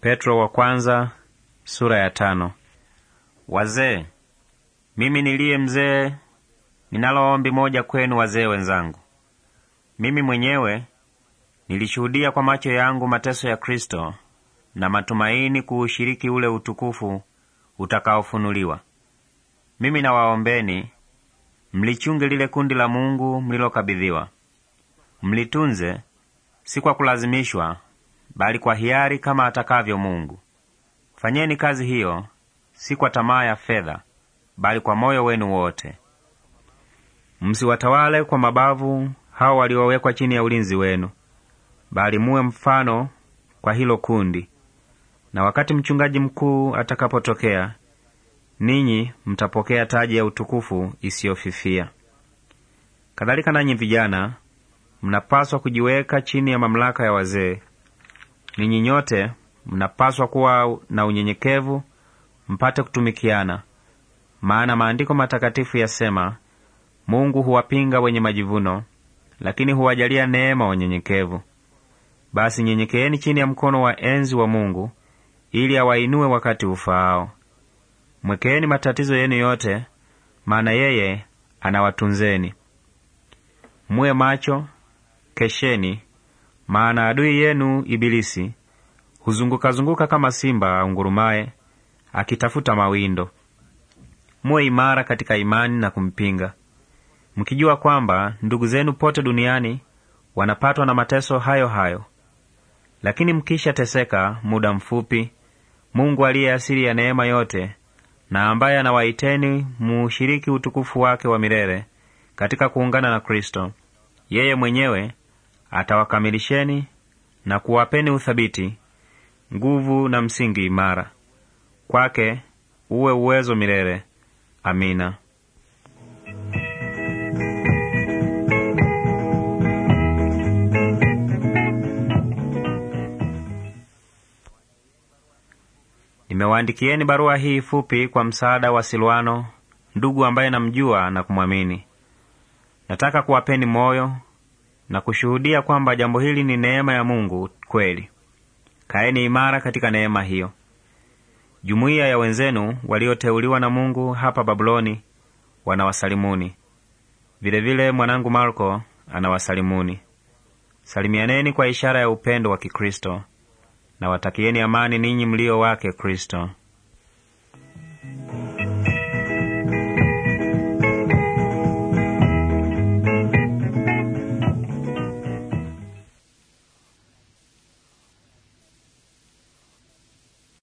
Petro wa kwanza, sura ya tano. Wazee, mimi niliye mzee ninalo ombi moja kwenu wazee wenzangu. Mimi mwenyewe nilishuhudia kwa macho yangu mateso ya Kristo na matumaini kuushiriki ule utukufu utakaofunuliwa. Mimi nawaombeni mlichunge lile kundi la Mungu mlilokabidhiwa, mlitunze si kwa kulazimishwa, bali kwa hiari kama atakavyo Mungu. Fanyeni kazi hiyo si kwa tamaa ya fedha, bali kwa moyo wenu wote. Msiwatawale kwa mabavu hao waliowekwa chini ya ulinzi wenu, bali muwe mfano kwa hilo kundi. Na wakati mchungaji mkuu atakapotokea, ninyi mtapokea taji ya utukufu isiyofifia. Kadhalika nanyi vijana mnapaswa kujiweka chini ya mamlaka ya wazee, Ninyi nyote mnapaswa kuwa na unyenyekevu, mpate kutumikiana, maana maandiko matakatifu yasema, Mungu huwapinga wenye majivuno, lakini huwajalia neema wanyenyekevu. Basi nyenyekeeni chini ya mkono wa enzi wa Mungu ili awainue wakati ufaao. Mwekeeni matatizo yenu yote, maana yeye anawatunzeni. Muwe macho, kesheni, maana adui yenu Ibilisi huzungukazunguka kama simba ungurumaye akitafuta mawindo. Muwe imara katika imani na kumpinga, mkijua kwamba ndugu zenu pote duniani wanapatwa na mateso hayo hayo. Lakini mkisha teseka muda mfupi, Mungu aliye asili ya neema yote na ambaye anawaiteni muushiriki utukufu wake wa milele katika kuungana na Kristo, yeye mwenyewe atawakamilisheni na kuwapeni uthabiti, nguvu na msingi imara. Kwake uwe uwezo milele. Amina. Nimewaandikieni barua hii fupi kwa msaada wa Silwano, ndugu ambaye namjua na kumwamini. Nataka kuwapeni moyo na kushuhudia kwamba jambo hili ni neema ya Mungu kweli. Kaeni imara katika neema hiyo. Jumuiya ya wenzenu walioteuliwa na Mungu hapa Babuloni wanawasalimuni. Vilevile mwanangu Marko anawasalimuni. Salimianeni kwa ishara ya upendo wa Kikristo, na watakieni amani ninyi mlio wake Kristo.